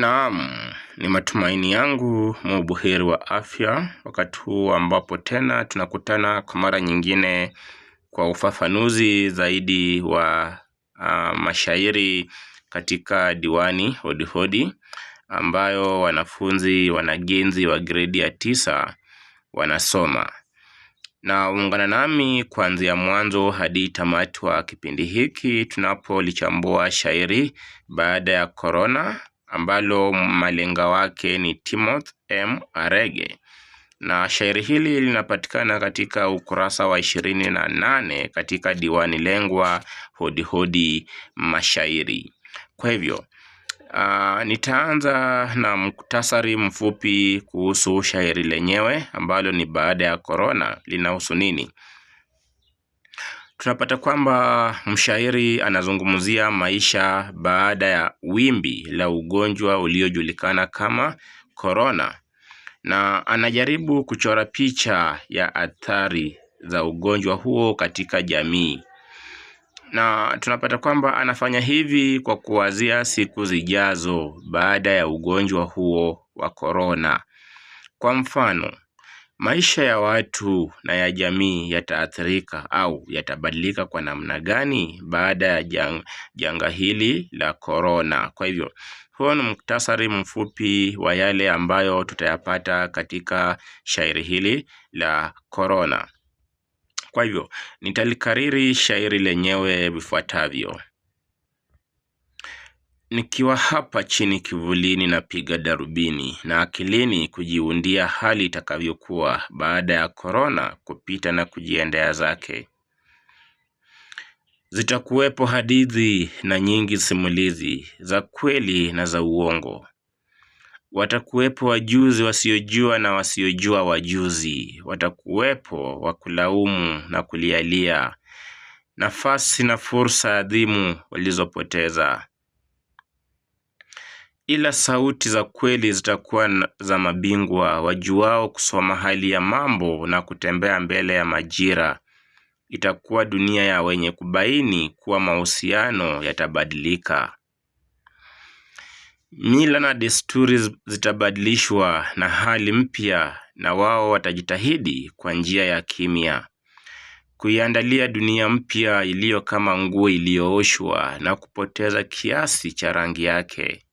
Naam, ni matumaini yangu muubuheri wa afya wakati huu ambapo tena tunakutana kwa mara nyingine kwa ufafanuzi zaidi wa uh, mashairi katika diwani Hodihodi hodi, ambayo wanafunzi wanagenzi wa gredi ya tisa wanasoma na ungana nami kuanzia mwanzo hadi tamati wa kipindi hiki tunapolichambua shairi baada ya korona ambalo malenga wake ni Timoth M Arege, na shairi hili linapatikana katika ukurasa wa ishirini na nane katika diwani lengwa Hodihodi Mashairi. Kwa hivyo Uh, nitaanza na muktasari mfupi kuhusu shairi lenyewe ambalo ni baada ya korona, linahusu nini? Tunapata kwamba mshairi anazungumzia maisha baada ya wimbi la ugonjwa uliojulikana kama korona, na anajaribu kuchora picha ya athari za ugonjwa huo katika jamii, na tunapata kwamba anafanya hivi kwa kuwazia siku zijazo baada ya ugonjwa huo wa korona. Kwa mfano, Maisha ya watu na ya jamii yataathirika au yatabadilika kwa namna gani baada ya jang, janga hili la korona? Kwa hivyo huo ni muktasari mfupi wa yale ambayo tutayapata katika shairi hili la korona. Kwa hivyo nitalikariri shairi lenyewe vifuatavyo: Nikiwa hapa chini kivulini napiga darubini na akilini kujiundia hali itakavyokuwa baada ya korona kupita na kujiendea zake. Zitakuwepo hadithi na nyingi simulizi za kweli na za uongo. Watakuwepo wajuzi wasiojua na wasiojua wajuzi. Watakuwepo wa kulaumu na kulialia nafasi na fursa adhimu walizopoteza ila sauti za kweli zitakuwa za mabingwa wajuao kusoma hali ya mambo na kutembea mbele ya majira. Itakuwa dunia ya wenye kubaini kuwa mahusiano yatabadilika. Mila na desturi zitabadilishwa na hali mpya, na wao watajitahidi kwa njia ya kimya kuiandalia dunia mpya iliyo kama nguo iliyooshwa na kupoteza kiasi cha rangi yake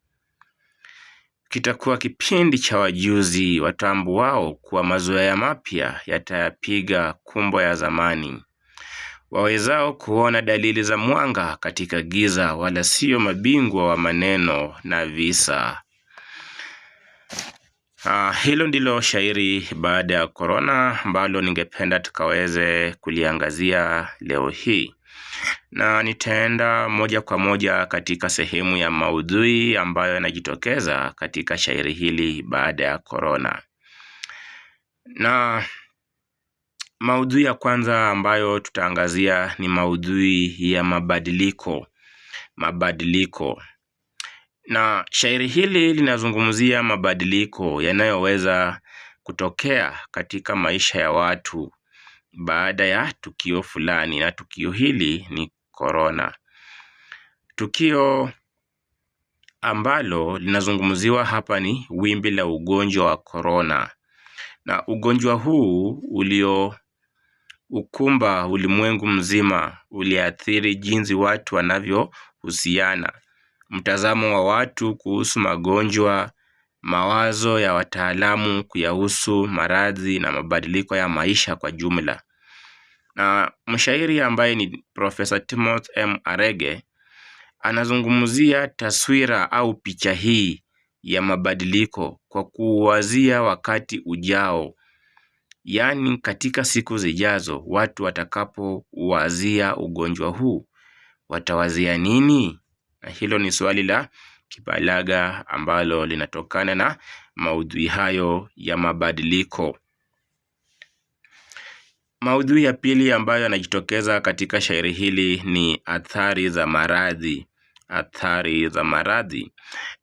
kitakuwa kipindi cha wajuzi wao kuwa mazoea mapya yatayapiga kumbo ya zamani, wawezao kuona dalili za mwanga katika giza, wala sio mabingwa wa maneno na visa. Uh, hilo ndilo shairi baada ya korona ambalo ningependa tukaweze kuliangazia leo hii na nitaenda moja kwa moja katika sehemu ya maudhui ambayo yanajitokeza katika shairi hili baada ya korona. Na maudhui ya kwanza ambayo tutaangazia ni maudhui ya mabadiliko. Mabadiliko. Na shairi hili linazungumzia mabadiliko yanayoweza kutokea katika maisha ya watu baada ya tukio fulani, na tukio hili ni korona, tukio ambalo linazungumziwa hapa ni wimbi la ugonjwa wa korona, na ugonjwa huu ulio ukumba ulimwengu mzima uliathiri jinsi watu wanavyohusiana, mtazamo wa watu kuhusu magonjwa, mawazo ya wataalamu kuyahusu maradhi na mabadiliko ya maisha kwa jumla na mshairi ambaye ni Profesa Timothy M Arege anazungumzia taswira au picha hii ya mabadiliko kwa kuwazia wakati ujao, yaani katika siku zijazo watu watakapowazia ugonjwa huu watawazia nini? Na hilo ni swali la kibalaga ambalo linatokana na maudhui hayo ya mabadiliko. Maudhui ya pili ambayo yanajitokeza katika shairi hili ni athari za maradhi. Athari za maradhi,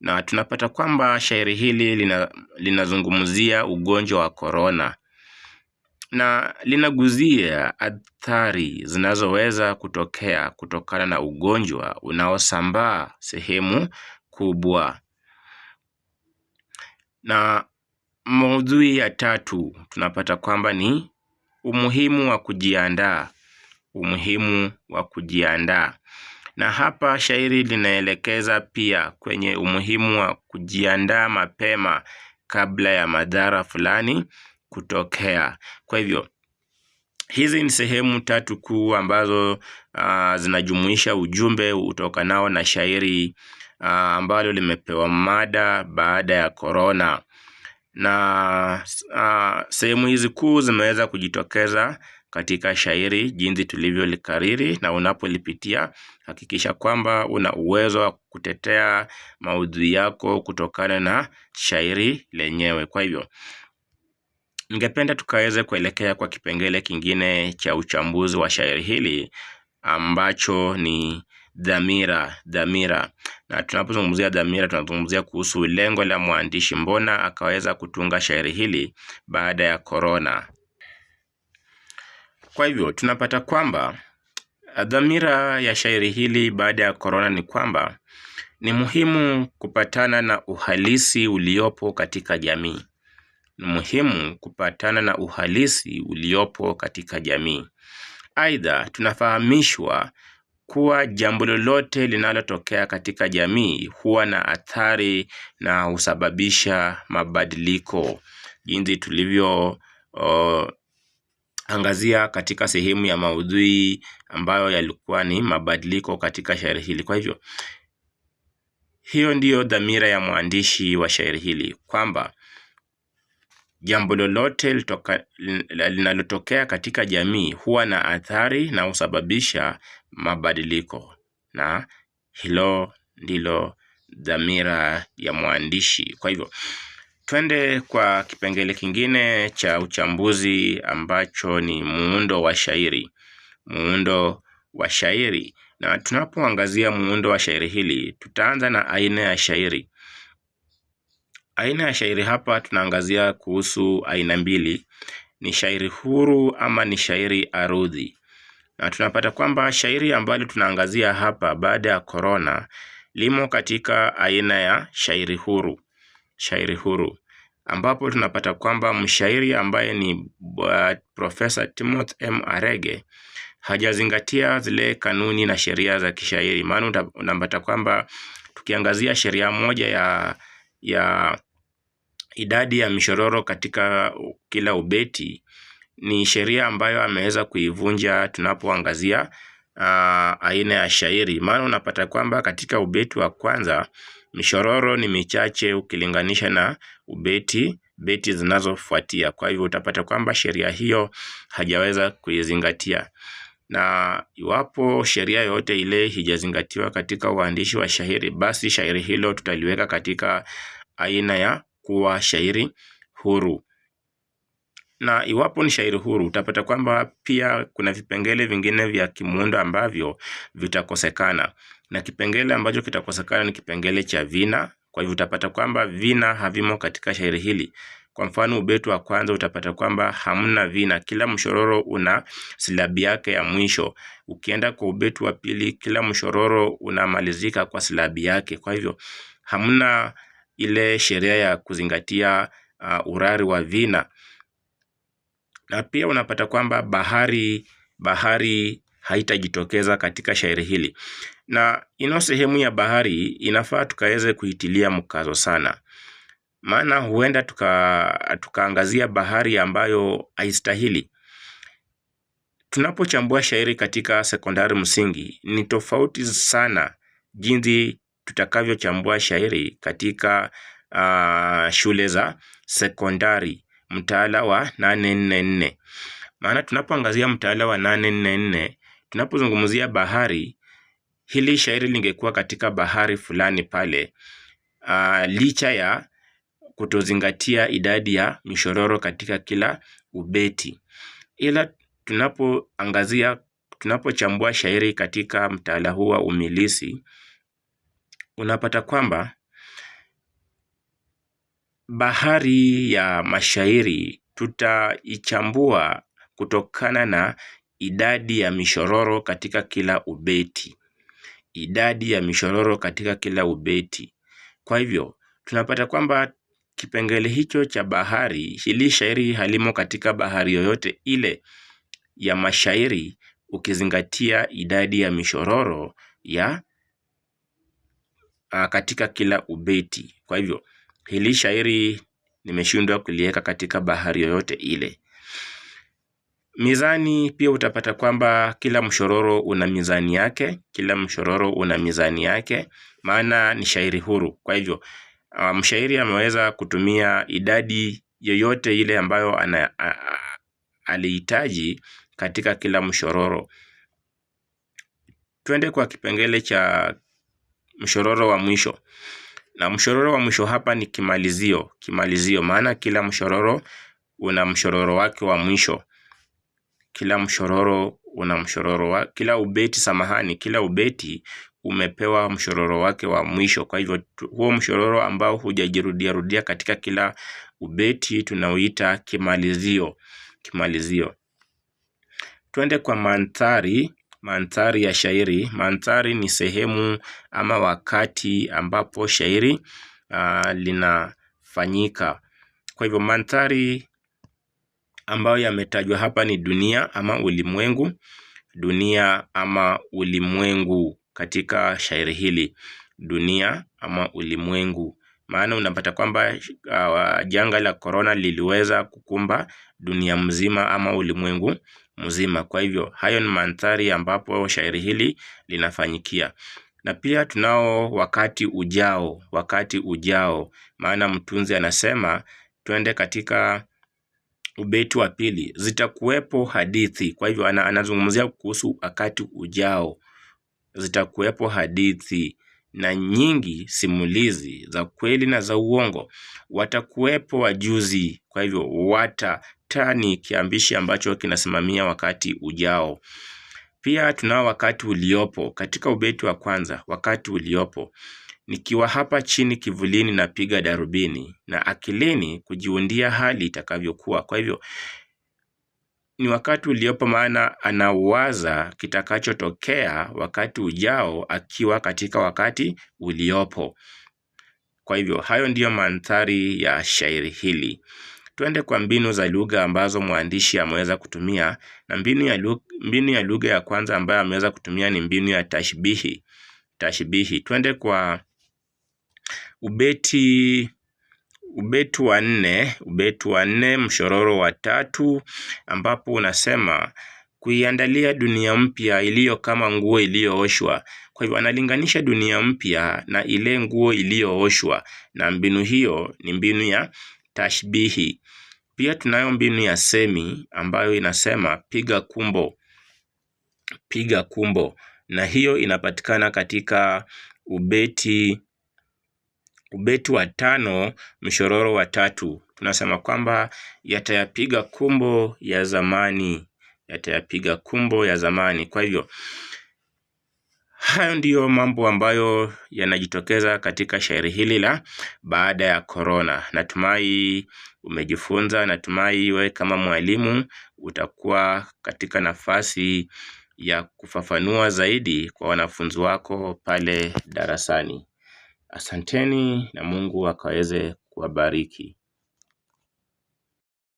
na tunapata kwamba shairi hili lina, linazungumzia ugonjwa wa korona na linaguzia athari zinazoweza kutokea kutokana na ugonjwa unaosambaa sehemu kubwa. Na maudhui ya tatu tunapata kwamba ni Umuhimu wa kujiandaa, umuhimu wa kujiandaa. Na hapa shairi linaelekeza pia kwenye umuhimu wa kujiandaa mapema kabla ya madhara fulani kutokea. Kwa hivyo hizi ni sehemu tatu kuu ambazo uh, zinajumuisha ujumbe utokanao na shairi uh, ambalo limepewa mada baada ya korona na uh, sehemu hizi kuu zimeweza kujitokeza katika shairi jinsi tulivyolikariri, na unapolipitia hakikisha kwamba una uwezo wa kutetea maudhui yako kutokana na shairi lenyewe. Kwa hivyo ningependa tukaweze kuelekea kwa kipengele kingine cha uchambuzi wa shairi hili ambacho ni dhamira dhamira. Na tunapozungumzia dhamira, tunazungumzia kuhusu lengo la mwandishi, mbona akaweza kutunga shairi hili baada ya korona? Kwa hivyo tunapata kwamba eh, dhamira ya shairi hili baada ya korona ni kwamba ni muhimu kupatana na uhalisi uliopo katika jamii. Ni muhimu kupatana na uhalisi uliopo katika jamii. Aidha, tunafahamishwa kuwa jambo lolote linalotokea katika jamii huwa na athari na husababisha mabadiliko. Jinsi tulivyo uh, angazia katika sehemu ya maudhui ambayo yalikuwa ni mabadiliko katika shairi hili. Kwa hivyo hiyo ndiyo dhamira ya mwandishi wa shairi hili kwamba Jambo lolote linalotokea katika jamii huwa na athari na husababisha mabadiliko, na hilo ndilo dhamira ya mwandishi. Kwa hivyo twende kwa kipengele kingine cha uchambuzi ambacho ni muundo wa shairi. Muundo wa shairi, na tunapoangazia muundo wa shairi hili, tutaanza na aina ya shairi Aina ya shairi hapa tunaangazia kuhusu aina mbili, ni shairi huru ama ni shairi arudhi, na tunapata kwamba shairi ambalo tunaangazia hapa baada ya korona limo katika aina ya shairi huru, shairi huru ambapo tunapata kwamba mshairi ambaye ni uh, Profesa Timothy M Arege hajazingatia zile kanuni na sheria za kishairi, maana unapata kwamba tukiangazia sheria moja ya ya idadi ya mishororo katika kila ubeti ni sheria ambayo ameweza kuivunja tunapoangazia uh, aina ya shairi, maana unapata kwamba katika ubeti wa kwanza mishororo ni michache ukilinganisha na ubeti beti zinazofuatia. Kwa hivyo utapata kwamba sheria hiyo hajaweza kuizingatia na iwapo sheria yoyote ile hijazingatiwa katika uandishi wa shairi, basi shairi hilo tutaliweka katika aina ya kuwa shairi huru. Na iwapo ni shairi huru, utapata kwamba pia kuna vipengele vingine vya kimuundo ambavyo vitakosekana, na kipengele ambacho kitakosekana ni kipengele cha vina. Kwa hivyo utapata kwamba vina havimo katika shairi hili. Kwa mfano ubeti wa kwanza utapata kwamba hamna vina, kila mshororo una silabi yake ya mwisho. Ukienda kwa ubeti wa pili, kila mshororo unamalizika kwa silabi yake. Kwa hivyo hamna ile sheria ya kuzingatia uh, urari wa vina, na pia unapata kwamba bahari bahari haitajitokeza katika shairi hili, na ino sehemu ya bahari inafaa tukaweze kuitilia mkazo sana maana huenda tuka tukaangazia bahari ambayo haistahili. Tunapochambua shairi katika sekondari msingi, ni tofauti sana jinsi tutakavyochambua shairi katika uh, shule za sekondari mtaala wa 844. Maana tunapoangazia mtaala wa 844, tunapozungumzia bahari, hili shairi lingekuwa katika bahari fulani pale, uh, licha ya kutozingatia idadi ya mishororo katika kila ubeti. Ila tunapoangazia tunapochambua shairi katika mtaala huu wa umilisi, unapata kwamba bahari ya mashairi tutaichambua kutokana na idadi ya mishororo katika kila ubeti, idadi ya mishororo katika kila ubeti. Kwa hivyo tunapata kwamba Kipengele hicho cha bahari, hili shairi halimo katika bahari yoyote ile ya mashairi ukizingatia idadi ya mishororo ya ah, katika kila ubeti. Kwa hivyo hili shairi nimeshindwa kuliweka katika bahari yoyote ile. Mizani pia utapata kwamba kila mshororo una mizani yake, kila mshororo una mizani yake, maana ni shairi huru. Kwa hivyo uh, mshairi ameweza kutumia idadi yoyote ile ambayo ana, alihitaji katika kila mshororo. Twende kwa kipengele cha mshororo wa mwisho, na mshororo wa mwisho hapa ni kimalizio. Kimalizio maana kila mshororo una mshororo wake wa mwisho, kila mshororo una mshororo wa, kila ubeti samahani, kila ubeti umepewa mshororo wake wa mwisho. Kwa hivyo huo mshororo ambao hujajirudia rudia katika kila ubeti tunauita kimalizio, kimalizio. Twende kwa mandhari. Mandhari ya shairi. Mandhari ni sehemu ama wakati ambapo shairi uh, linafanyika. Kwa hivyo mandhari ambayo yametajwa hapa ni dunia ama ulimwengu, dunia ama ulimwengu katika shairi hili dunia ama ulimwengu maana unapata kwamba uh, janga la korona liliweza kukumba dunia mzima ama ulimwengu mzima. Kwa hivyo hayo ni mandhari ambapo shairi hili linafanyikia, na pia tunao wakati ujao, wakati ujao, maana mtunzi anasema twende katika ubeti wa pili, zitakuwepo hadithi. Kwa hivyo anazungumzia kuhusu wakati ujao zitakuwepo hadithi na nyingi simulizi za kweli na za uongo. Watakuwepo wajuzi, kwa hivyo watatani kiambishi ambacho kinasimamia wakati ujao. Pia tunao wakati uliopo katika ubeti wa kwanza, wakati uliopo nikiwa hapa chini kivulini, napiga darubini na akilini kujiundia hali itakavyokuwa. Kwa hivyo ni wakati uliopo maana anauwaza kitakachotokea wakati ujao akiwa katika wakati uliopo. Kwa hivyo hayo ndiyo mandhari ya shairi hili. Twende kwa mbinu za lugha ambazo mwandishi ameweza kutumia, na mbinu ya lugha, mbinu ya lugha ya kwanza ambayo ameweza kutumia ni mbinu ya tashbihi. Tashbihi, twende kwa ubeti ubetu wa nne ubetu wa nne mshororo wa tatu ambapo unasema kuiandalia dunia mpya iliyo kama nguo iliyooshwa. Kwa hivyo analinganisha dunia mpya na ile nguo iliyooshwa, na mbinu hiyo ni mbinu ya tashbihi. Pia tunayo mbinu ya semi ambayo inasema piga kumbo, piga kumbo, na hiyo inapatikana katika ubeti ubeti wa tano mshororo wa tatu, tunasema kwamba yatayapiga kumbo ya zamani, yatayapiga kumbo ya zamani. Kwa hivyo hayo ndiyo mambo ambayo yanajitokeza katika shairi hili la baada ya korona. Natumai umejifunza, natumai wewe kama mwalimu utakuwa katika nafasi ya kufafanua zaidi kwa wanafunzi wako pale darasani. Asanteni na Mungu akaweze kuwabariki.